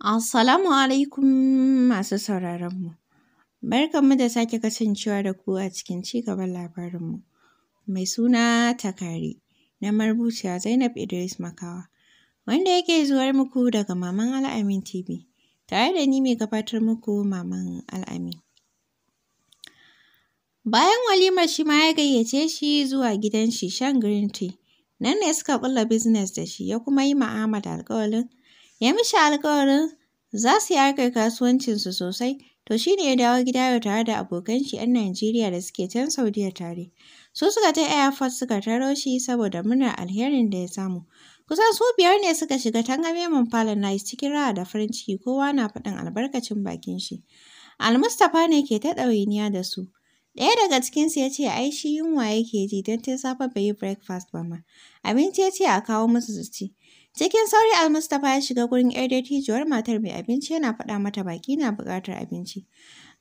Assalamu alaikum masu sauraronmu. Barkanmu da sake kasancewa da ku a cikin cigaban labarinmu. Mai suna Takari na marubuciya Zainab Idris Makawa, wanda yake zuwar muku daga Maman Al'amin TV, tare da ni mai gabatar muku Maman Al'amin. Bayan walimar shi ma ya gayyace shi zuwa gidan shi shan green tea, nan ne suka bulla business da shi ya kuma yi ma'amala alƙawalin ya mishi alƙawarin za su yi harkar kasuwancinsu sosai. To shi ne ya dawo gida yau tare da abokan shi 'yan Najeriya da suke can Saudiya tare. Su suka ta je Force suka taro shi saboda murnar alherin da ya samu. Kusan su biyar ne suka shiga tangame mun falon na cikin raha da farin ciki kowa na faɗin albarkacin bakin shi. Almustapha ne ke ta ɗawainiya da su. Ɗaya daga cikinsu ya ce ai shi yunwa yake ji don tun safe bai yi breakfast ba ma. Abinci ya ce a kawo musu su ci. Cikin sauri Al-Mustapha ya shiga gurin 'yar dattijuwar matar mai abinci yana faɗa mata baki na buƙatar abinci.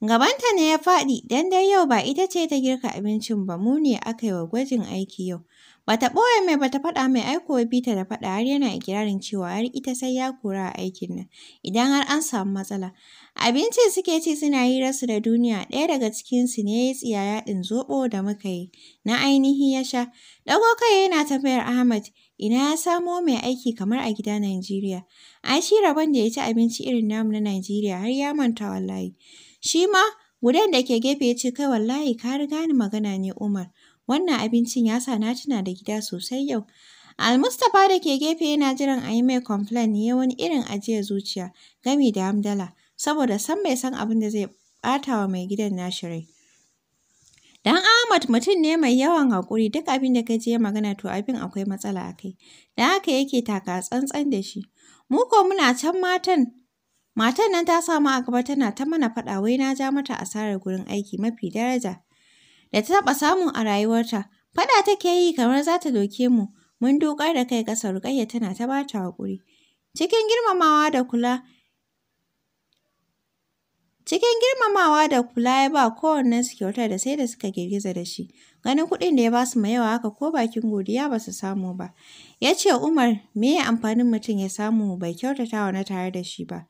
Gabanta ne ya faɗi dan dai yau ba ita ce ta girka abincin ba mu ne aka yi wa gwajin aiki yau. Bata ɓoye mai bata faɗa mai aiko bita da faɗa har yana ikirarin cewa har ita sai ya kura a aikin nan idan har an samu matsala. Abinci suke ci suna hirarsu da duniya ɗaya daga cikin su ne ya tsiya yaɗin zoɓo da muka yi na ainihi ya sha. Ɗago kai yana tafiyar Ahmad Ina ya samo mai aiki kamar a gida Najeriya? An shi rabon da ya ci abinci irin namu na Najeriya har ya manta wallahi. Shi ma gudan da ke gefe ya ce kai wallahi ka riga ni magana ne Umar. Wannan abincin ya sa na tuna da gida sosai yau. Almustapha da ke gefe yana jiran a yi mai complain ne wani irin ajiyar zuciya gami da hamdala saboda san bai san abin da zai ɓata wa mai gidan nashirai. Dan Ahmad mutum ne mai yawan haƙuri duk abin da ka je magana to abin akwai matsala a kai. Da haka yake taka tsantsan da shi. Mu ko muna can matan Matan nan ta samu a gaba tana ta mana faɗa wai na ja mata asarar gurin aiki mafi daraja da ta taɓa samun a rayuwarta. Faɗa take yi kamar za ta doke mu. Mun dokar da kai ƙasa Rukayya tana ta ba ta haƙuri. Cikin girmamawa da kula Cikin girmamawa da kula ya ba su kyauta da sai da suka girgiza da shi, ganin kuɗin da ya ba su yawa haka ko bakin godiya ba su samu ba. Ya ce Umar me ya amfanin mutum ya samu bai kyautata wa na tare da shi ba.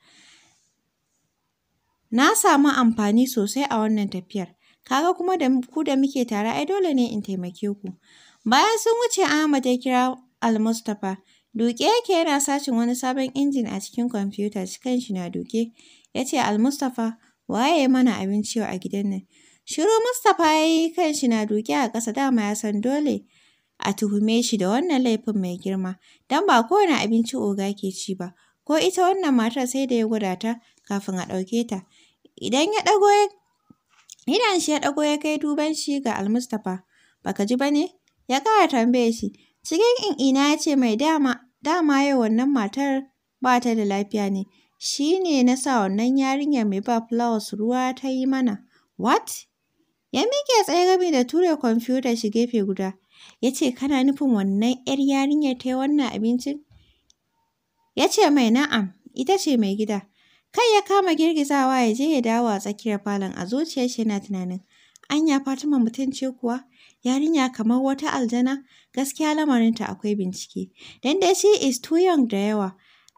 Na samu amfani sosai a wannan tafiyar, kaga kuma da ku da muke tare ai dole ne in taimake ku. Bayan sun wuce Ahmad ya kira Al-Mustapha, duke yake yana sashin wani sabon injin a cikin kwamfuta, cikin shi na duke. ya ce almustapha Waye mana abinci a gidan nan? Shiru Mustapha ya yi kanshi na duke a ƙasa dama ya san dole a tuhume shi da wannan laifin mai girma, don ba kowane abinci oga ke ci ba, ko ita wannan matar sai da ya gwada ta kafin a ɗauke ta. Idan ya ɗago ya idan shi ya ɗago ya kai duban shi ga Almustapha, baka ji ba ne? Ya ƙara tambaye shi, cikin in'ina ya ce mai dama dama yau wannan matar ba ta da lafiya ne. Shi ne na sa wannan yarinyar mai ba Flowers ruwa ta yi mana, what? Ya miƙe tsaye gami da ture kwamfutar shi gefe guda, ya ce kana nufin wannan 'yar yarinyar ta yi wannan abincin? Ya ce mai na'am, ita ce mai gida. Kai ya kama girgizawa ya je ya dawo a tsakiyar falon a zuciyar shi na tunanin, anya Fatima mutum ce kuwa? Yarinya kamar wata aljana, gaskiya lamarinta akwai bincike. Dan dai she is too young da yawa,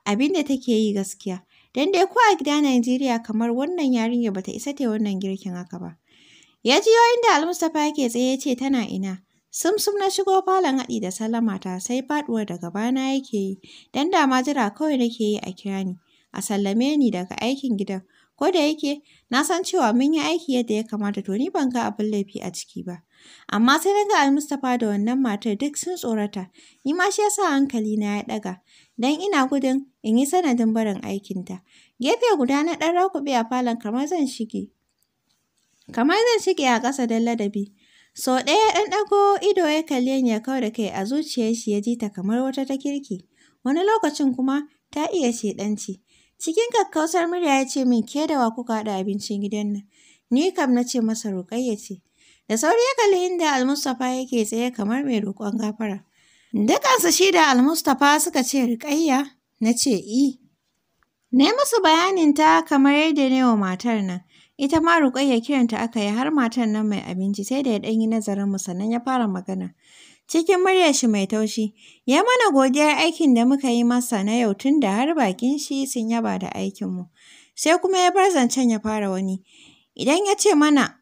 abin da take yi gaskiya, dan dai ko a gida Najeriya kamar wannan yarinyar ba ta isa ta wannan girkin haka ba. Ya jiyo inda Mustapha yake tsaye ce tana ina. Sumsum na shigo falon haɗi da sallama ta sai faɗuwar da gabana yake yi, Dan da ma jira kawai nake yi a kira ni, a sallame ni daga aikin gidan. Ko da yake, na san cewa mun yi aiki yadda ya kamata to ni ban ga abin laifi a ciki ba. Amma sai na ga Mustapha da wannan matar duk sun tsorata, ni ma shi yasa hankali na ya ɗaga, dan ina gudun in yi sanadin barin aikinta. Gefe guda na ɗan rakuɓe a falon kamar zan shige. Kamar zan shige a ƙasa don ladabi. Sau ɗaya ɗan ɗago ido ya kalle ni ya kawo da kai a zuciyar shi ya ji ta kamar wata ta kirki. Wani lokacin kuma ta iya ɗanci Cikin kakkausar murya ya ce min ke da wa kuka haɗa abincin gidan nan. Ni kam na ce masa Rukayya ce. Da sauri ya kalli inda Almustapha yake tsaye kamar mai roƙon gafara. Dukansu shi da Almustapha suka ce riƙayya. Na ce, I. E, na yi musu ta kamar yadda na wa matar nan. Ita ma ya kiranta aka yi har matar nan mai abinci sai da ya ɗan yi nazarin mu sannan ya fara magana. Cikin murya shi mai taushi, ya mana godiyar aikin da muka yi masa na yau tun da har bakin shi sun yaba da aikinmu. Sai kuma ya bar zancen ya fara wani. Idan ya ce mana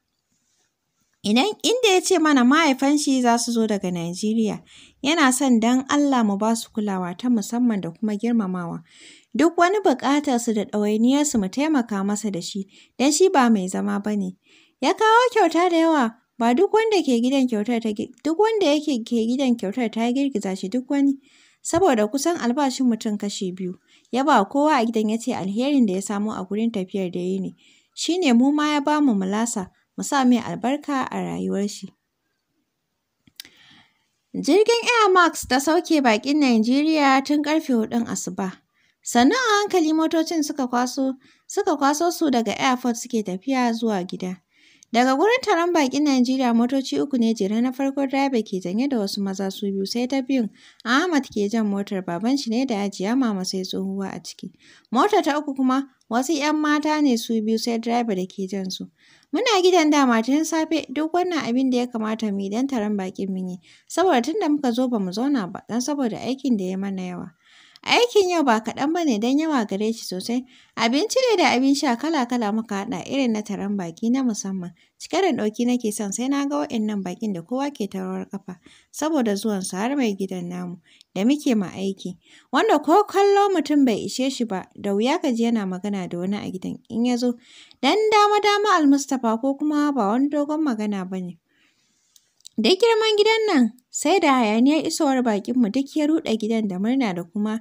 Idan inda ya ce mana mahaifan shi za su zo daga Najeriya, yana son dan Allah mu ba su kulawa ta musamman da kuma girmamawa. Duk wani su da ɗawainiyarsu mu taimaka masa da shi, don shi ba mai zama ba ne. Ya kawo kyauta da yawa, ba duk wanda ke gidan kyautar ta duk wanda yake ke gidan kyautar ta girgiza shi duk wani. Saboda kusan albashin mutum kashi biyu, ya ba kowa a gidan ya ce alherin da ya samo a gurin tafiyar da ya yi ne, shi ne mu ma ya ba mu mulasa. mu sa mai albarka a rayuwar shi. Jirgin Air Max ta sauke bakin Najeriya tun karfe hudun asuba. Sannan a hankali motocin suka kwaso suka kwaso su daga airport suke tafiya zuwa gida. Daga gurin taron bakin Najeriya motoci uku ne jere na farko driver ke janye da wasu maza su biyu sai ta biyun Ahmad ke jan motar baban shi ne da Hajiya mama sai tsohuwa a ciki. Motar ta uku kuma Wasu 'yan mata ne su biyu sai direba da ke jansu Muna gidan dama tun safe duk wannan abin da ya kamata mu yi don taron bakin mu ne, saboda tunda muka zo ba mu zauna ba don saboda aikin da ya mana yawa. Aikin yau ba kaɗan ba ne don yawa gare shi sosai. Abinci ne da abin sha kala-kala muka haɗa irin na taron baki na musamman. Cike da ɗauki nake son sai na ga waɗannan bakin da kowa ke ta kafa saboda zuwan su har mai gidan namu da muke ma aiki. Wanda ko kallo mutum bai ishe shi ba da wuya ka ji yana magana da wani a gidan in ya zo. Dan dama-dama Almustapha ko kuma ba wani dogon magana ba ne. da girman gidan nan, sai da hayaniyar isowar baƙinmu duk ya ruɗe gidan da murna da kuma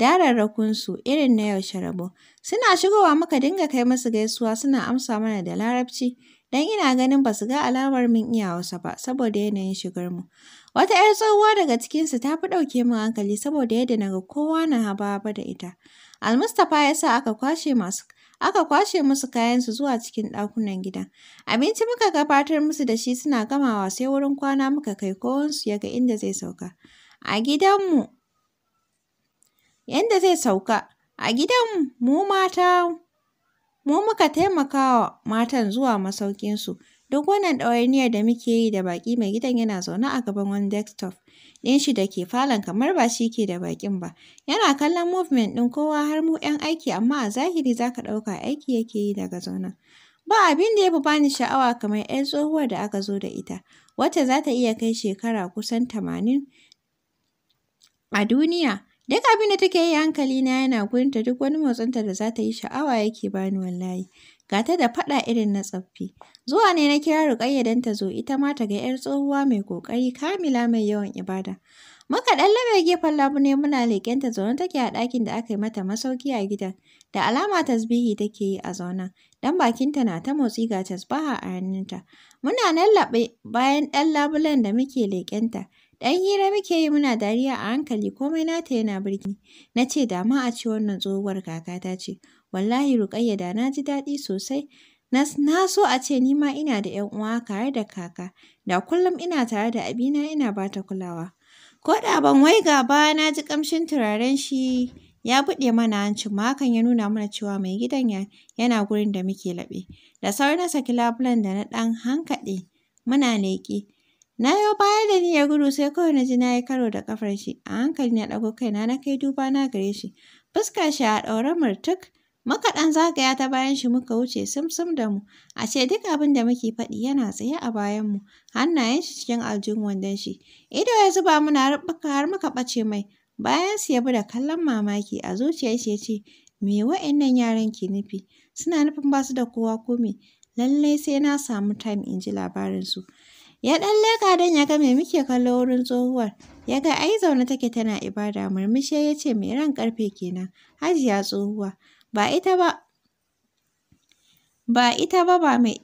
dararrakunsu irin na yaushe rabo. Suna shigowa muka dinga kai musu gaisuwa suna amsa mana da Larabci, don ina ganin ba su ga alamar mun iya Hausa ba saboda yanayin shigarmu. Wata 'yar tsohuwa daga cikinsu ta fi ɗauke min hankali saboda yadda naga kowa na haba ba da ita. Almustapha ya sa aka kwashe masu Aka kwashe musu kayansu zuwa cikin ɗakunan gidan. Abinci muka gabatar musu da shi suna gamawa sai wurin kwana muka kai kowansu ya ga inda zai sauka. A gidanmu, yanda zai sauka. A gidanmu, mu mata, mu muka taimakawa matan zuwa masauƙinsu. Duk wannan ɗawainiyar da muke yi da baƙi mai gidan yana zaune a gaban wani desktop. ɗin shi da ke falon kamar ba shi ke da baƙin ba. Yana kallon movement ɗin kowa har mu 'yan aiki amma a zahiri za ka ɗauka aiki yake yi daga zaunan. Ba abin da ya fi bani sha'awa kamar 'yar tsohuwar da aka zo da ita, wacce za ta iya kai shekara kusan tamanin a duniya. Duk abin da take yi hankali na yana gurinta duk wani motsinta da za ta yi sha'awa yake bani wallahi. Ga ta da faɗa irin na tsaffi. Zuwa ne na kira Rukayya don ta zo ita ma ta ga 'yar tsohuwa mai ƙoƙari Kamila mai yawan ibada. Muka ɗan labe gefen labule muna leƙenta zaune take a ɗakin da aka yi mata masauki a gidan. Da alama tasbihi take yi a zaune don bakinta na ta motsi ga tasbaha a hannunta. Muna nan laɓe bayan ɗan labulen da muke leƙenta. Ɗan hira muke yi muna dariya a hankali komai nata yana birki. Na ce da a ce wannan tsohuwar kakata ce. Wallahi Rukayya da na ji daɗi sosai. Na so a ce ni ma ina da 'yan uwa kare da kaka, da kullum ina tare da abina ina bata kulawa. Ko da ban wai ba na ji ƙamshin turaren shi ya buɗe mana ma hakan ya nuna mana cewa mai ya, yana gurin da muke laɓe. Da sauri na saki labulen da na ɗan hankaɗe muna leƙe. Na yo baya da niyyar gudu sai kawai na ji na yi karo da ƙafar shi. A hankali na ɗago kaina na kai duba na gare shi. Fuskar shi a ɗaure murtuk Muka ɗan zagaya ta bayan shi muka wuce sumsum da mu. A ce duk abin da muke faɗi yana tsaye a bayan mu hannayen shi cikin aljihun wandon shi. Ido ya zuba muna rubuka har muka ɓace mai. Bayan su ya bi da kallon mamaki a zuciyar shi ya ce, me wa'innan yaran ke nufi? Suna nufin ba su da kowa ko me? Lallai sai na samu time in ji su Ya ɗan leƙa don ya ga me muke kallo wurin tsohuwar. Ya ga ai zaune take tana ibada murmushi ya ce me ran ƙarfe kenan, hajiya tsohuwa. ba ita ba ba ita ba ba mai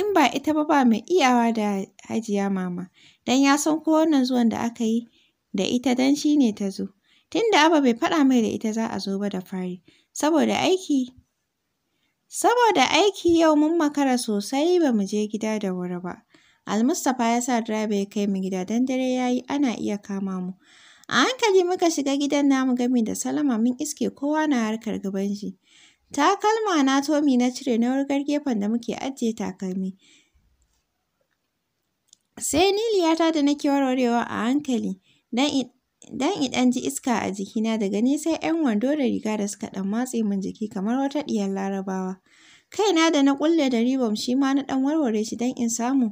in ba ita ba ba mai iyawa da hajiya mama dan ya san ko wannan zuwan da aka yi da ita dan shi ne ta zo da Abba bai faɗa mai da ita za a zo ba da fari saboda aiki saboda aiki yau mun makara sosai ba mu je gida da wuri ba almustapha ya sa direba ya kai mu gida dan dare ya yi ana iya kama mu A hankali muka shiga gidan namu gami da Salama min iske kowa na harkar gaban shi. Takalma na tomi na cire na wurgar gefen da muke ajiye takalmi. Sai ni liyata da nake warwarewa a hankali Dan idan ji iska a jikina daga ni sai 'yan wando da riga da suka ɗan matse min jiki kamar wata ɗiyar larabawa. Kai na da na kulle da ribom shi ma na ɗan warware shi dan in samu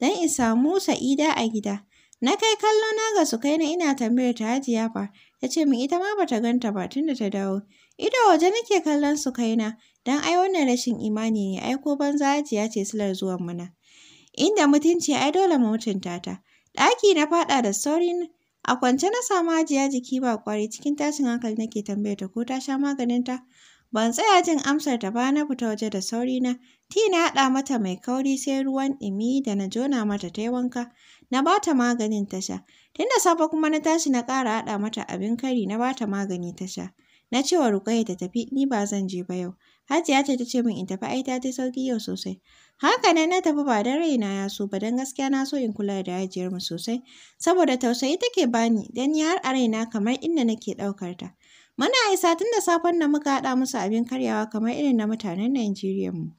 don in samu sa'ida a gida. Na kai kallo na ga Sukaina ina tambayar ta Hajiya fa, ta ce min ita ma ba ta ganta ba tunda ta dawo. Ido waje nake kallon Sukaina, don ai wannan rashin imani ne, ai ko banza Hajiya ce silar zuwan mana. Inda mutunci ai dole mu mutunta ta. Ɗaki na faɗa da sauri a kwance na samu Hajiya jiki ba kwari cikin tashin hankali nake tambayar ta ko ta sha maganin ta. Ban tsaya jin amsar ta ba na fita waje da sauri na. Ti na haɗa mata mai kauri sai ruwan ɗumi da na jona mata ta yi wanka. na ba ta maganin ta sha. Tun da safe kuma na tashi na ƙara haɗa mata abin kari na ba ta magani ta sha. Na ce Rukayya ta tafi, ni ba zan je ba yau. Hajiya ce ta ce min in tafi ai ta ta sauki yau sosai. Haka nan na tafi ba don raina ya so ba don gaskiya na so in kula da hajiyar mu sosai. Saboda tausayi take bani dan ni har a raina kamar inda nake ɗaukar ta. Muna isa tun da safen nan muka haɗa musu abin karyawa kamar irin na mutanen Najeriya mu.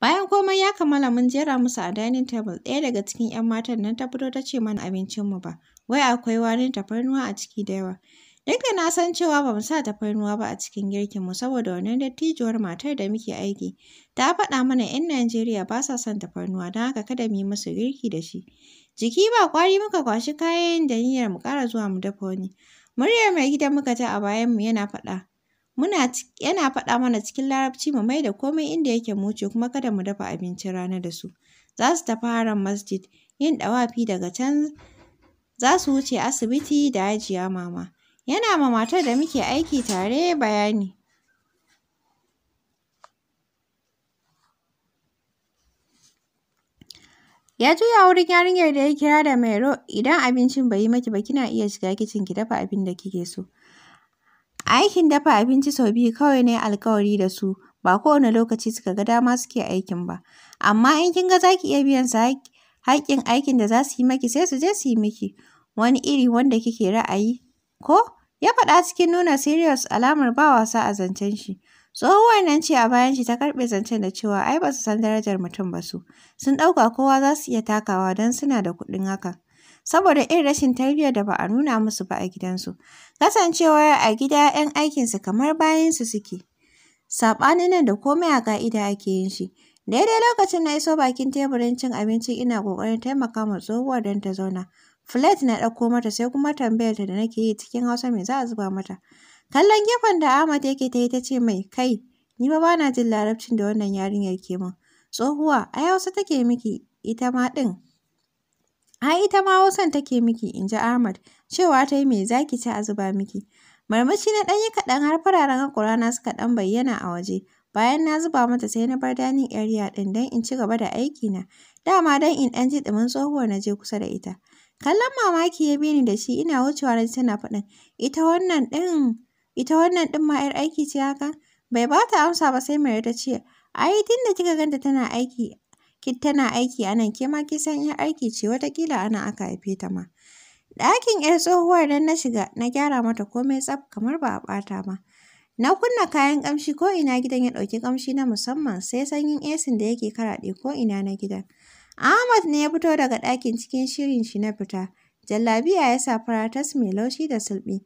Bayan komai ya kammala mun jera musu a dining table, ɗaya daga cikin 'yan matan nan ta fito ta ce mana abincinmu ba, wai akwai warin tafarnuwa a ciki da yawa. Duk na san cewa ba mu sa tafarnuwa ba a cikin girkin mu saboda wannan dattijuwar matar da muke aiki ta faɗa mana 'yan Najeriya ba sa son tafarnuwa don haka kada mu yi musu girki da shi. Jiki ba ƙwari muka kwashi kayan da niyyar mu ƙara zuwa mu dafa wani. Muryar mai gidan muka ji a bayan mu yana faɗa. Muna yana faɗa mana cikin Larabci mu mai da komai inda yake mu wuce kuma kada mu dafa abincin rana da su. Za su tafi Haram Masjid, yin ɗawafi daga can za su wuce asibiti da Hajiya Mama. Yana ma matar da muke aiki tare bayani. Ya juya wurin yarinyar da ya kira da Mairo, idan abincin bai yi maki ba kina iya shiga kicin ki dafa abin da kike so. aikin dafa abinci sau biyu kawai ne alkawari da su, ba kowane lokaci suka ga dama suke aikin ba. Amma in kin ga za ki iya biyan su haƙƙin aikin da za su yi miki sai su je su yi miki, wani iri wanda kike ra'ayi, ko? Ya faɗa cikin nuna serious alamar ba wasa a zancen shi. Tsohuwar nan ce a bayan shi ta karɓe zancen da cewa ai ba su san darajar mutum ba su, sun ɗauka kowa za su iya takawa don suna da kuɗin hakan. saboda irin rashin tarbiyyar da ba a nuna musu ba a gidansu. kasancewa a gida 'yan aikinsu kamar bayansu suke. Saɓani nan da komai a ƙa'ida ake yin shi. Daidai lokacin na iso bakin teburin cin abinci ina ƙoƙarin taimaka ma tsohuwar don ta zauna. flet na ɗauko mata sai kuma tambayar ta da nake yi cikin Hausa me za a zuba mata. Kallon gefen da Ahmad yake ta yi ta ce mai kai ni ba bana jin larabcin da wannan yarinyar ke min. Tsohuwa ai Hausa take miki ita ma ɗin. Ai ita ma Hausan take miki, in ji Ahmad, cewa ta yi mai zaki ta a zuba miki. Marmaci na ɗan yi kaɗan har fararen na suka ɗan bayyana a waje. Bayan na zuba mata sai na bar danin area ɗin don in ci gaba da aiki na Dama don in ɗan ji ɗumin tsohuwar na je kusa da ita. Kallon mamaki ya bini da shi ina wucewa na ji tana faɗin, ita wannan ɗin, ita wannan ɗin ma 'yar aiki ce haka? Bai bata ta amsa ba sai mai ta ce, ai tun da kika ganta tana aiki Kit tana aiki a nan, ke ma ki san 'yar aiki ce, wataƙila a nan aka haife ta ma. Ɗakin 'yar tsohuwar nan na shiga, na gyara mata komai tsaf kamar ba a ɓata ba. Na kunna kayan ƙamshi ko'ina gidan ya ɗauki ƙamshi na musamman sai sanyin esin da yake karaɗe ko'ina na gidan. Ahmad ne ya fito daga ɗakin cikin shirin shi na fita. Jallabiya ya sa fara tas mai laushi da sulɓi,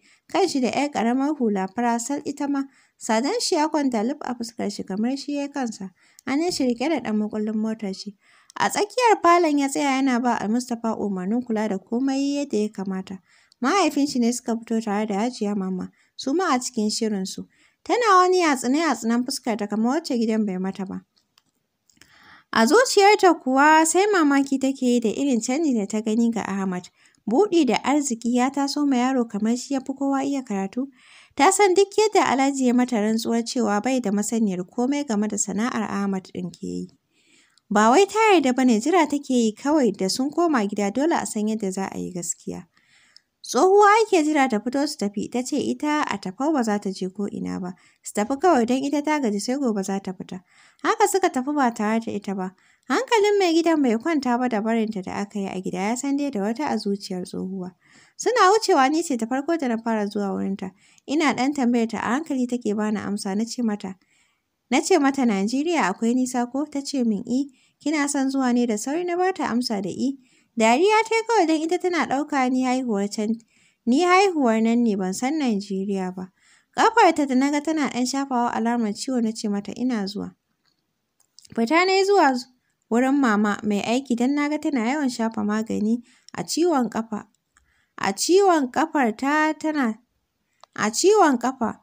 shi da ‘yar ƙaramar hula fara sal ita ma. Sadan shi ya kwanta lub a fuskar shi kamar shi ya kansa, hannun shi riƙe da ɗan makullin motar shi. A tsakiyar falon ya tsaya yana ba a Mustapha umarnin kula da komai yadda ya kamata. Mahaifin shi ne suka fito tare da Hajiya Mama, su ma a cikin shirin su. Tana wani yatsune yatsunan fuskar ta kamar wacce gidan bai mata ba. A zuciyarta kuwa sai mamaki take yi da irin canji da ta gani ga Ahmad. Buɗi da arziki ya taso ma yaro kamar shi ya fi kowa iya karatu. Ta san duk yadda Alhaji ya mata rantsuwar cewa bai da masaniyar komai game da sana'ar Ahmad ɗin ke yi. Ba wai ta yarda ba ne jira take yi kawai da sun koma gida dole a san yadda za a yi gaskiya. Tsohuwa ake jira ta fito su tafi ta ce ita a tafau ba za ta je ko ina ba, su tafi kawai don ita ta gaji sai gobe za ta fita. Haka suka tafi ba tare da ita ba. Hankalin mai gidan bai kwanta ba da barinta da aka yi a gida ya san dai da wata a zuciyar tsohuwa. Suna wucewa ni ce ta farko da na fara zuwa wurinta. Ina ɗan tambayar ta a hankali take bani amsa na ce mata. Na ce mata Najeriya akwai nisa ko? Ta ce min i. Eh, kina son zuwa ne da sauri na bata amsa da i. Eh. Dariya ta kawai don ita tana ɗauka ni haihuwar can. Ni haihuwar nan ne ban san Najeriya ba. ta da naga tana ɗan shafawa alamar ciwo na ce mata ina zuwa. Fita na yi zuwa wurin mama mai aiki don naga tana yawan shafa magani a ciwon ƙafa. A ciwon ƙafar ta tana a ciwon ƙafa.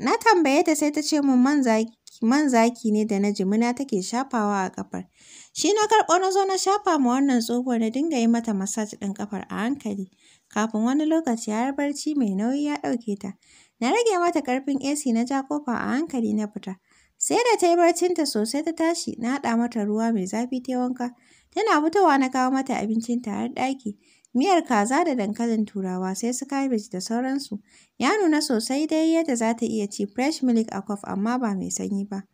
Na tambaye ta sai ta ce min man zaki man zaki ne da na jimina take shafawa a ƙafar. Shi na karɓo na zo na shafa ma wannan tsohuwar na dinga yi mata massage ɗin ƙafar a hankali. Kafin wani lokaci har barci mai nauyi ya ɗauke ta. Na rage mata ƙarfin AC na ja ƙofa a hankali na fita. Sai da ta yi barcinta sosai ta tashi na haɗa mata ruwa mai zafi ta wanka. Tana fitowa na kawo mata abincin har ɗaki. Miyar kaza da dankalin turawa sai su cabbage da sauransu. Ya nuna sosai dai yadda za ta iya ci fresh milk a kwaf amma ba mai sanyi ba.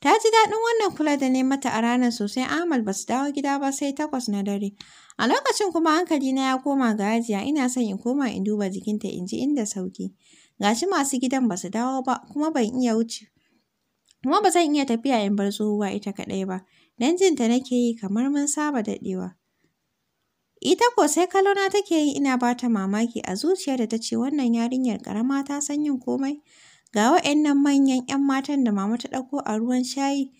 Ta ji daɗin wannan kula da ne mata a ranar sosai Amal ba su dawo gida ba sai takwas na dare. A lokacin kuma hankali na ya koma ga Hajiya ina son in koma in duba jikinta in ji inda sauki. Gashi masu gidan ba su dawo ba kuma ban iya wuce Kuma ba zan iya tafiya in bar tsohuwa ita kaɗai ba, don jin ta nake yi kamar mun saba daɗewa. Ita ko sai kalona take yi ina ba ta mamaki a zuciya da ta ce wannan yarinyar ƙarama ta san yin komai. Ga wa'annan manyan 'yan matan da mama ta ɗauko a ruwan shayi.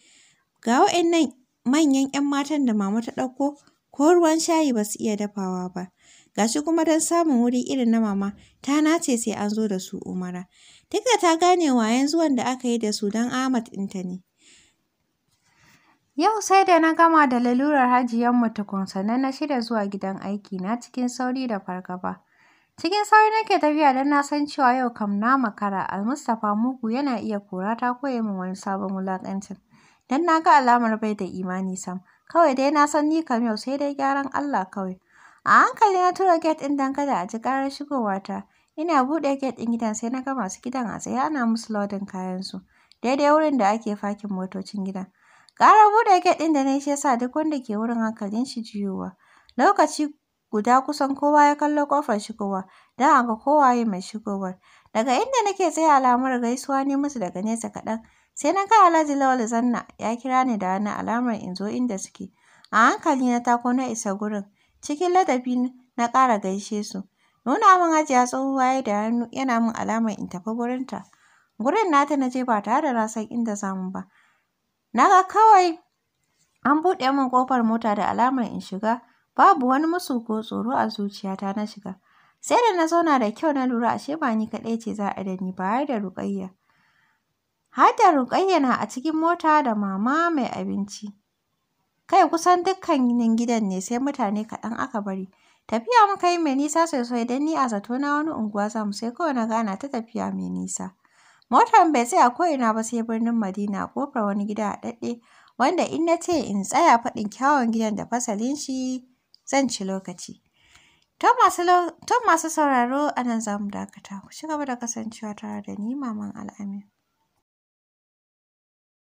Ga wa'annan manyan 'yan matan da mama ta ɗauko ko ruwan shayi ba su iya dafawa ba. Ga shi kuma don samun wuri irin na mama, ta nace sai an zo da su Umara. Duk ta gane wayen zuwan da aka yi da su don Ahmad ɗinta ne. Yau sai da na gama da lalurar hajiyar mu sannan na shirya zuwa gidan aiki na cikin sauri da fargaba. Cikin sauri nake tafiya don na san cewa yau kam na makara Almustapha Mugu yana iya kora ta koya min wani sabon wulaƙancin. Don na ga alamar bai da imani sam. Kawai dai na san ni kam yau sai dai gyaran Allah kawai. A hankali na tura gate ɗin don kada a ji ƙarar shigowata. Ina buɗe gate ɗin gidan sai na ga masu gidan a tsaye ana musu lodin kayansu, daidai wurin da ake fakin motocin gida. Ƙarar buɗe gate ɗin da na yi shi ya duk wanda ke wurin hankalin shi jiyowa. Lokaci guda kusan kowa ya kallo ƙofar shigowa don a ga kowa mai shigowar. Daga inda nake tsaye alamar gaisuwa ne musu daga nesa kaɗan, sai na ga Alhaji Lawal Zanna ya kira ni da wani alamar in zo inda suke. A hankali na tako na isa gurin, cikin ladabi na ƙara gaishe su. Nuna min ajiya tsohuwa ya da hannu yana min alamar in tafi gurinta. Gurin nata na je ba tare da inda zamu ba. naga kawai an buɗe min ƙofar mota da alamar in shiga. Babu wani musu ko tsoro a zuciyata na shiga. Sai da na zauna da kyau na lura ashe ba ni kaɗai ce za a da ni ba da Ruƙayya. hada da na a cikin mota da mama mai abinci. Kai kusan dukkanin gidan ne sai mutane kaɗan aka bari. Tafiya muka yi mai nisa sosai don ni a zato na wani unguwa za mu sai kawai na gana ta tafiya mai nisa. Motar bai tsaya ina ba sai birnin Madina a ƙofar wani gida a daɗe wanda in na ce in tsaya faɗin kyawun gidan da fasalin shi zan ci lokaci. To masu sauraro a nan za mu dakata. Ku ci gaba da kasancewa tare da ni Maman Al'amin.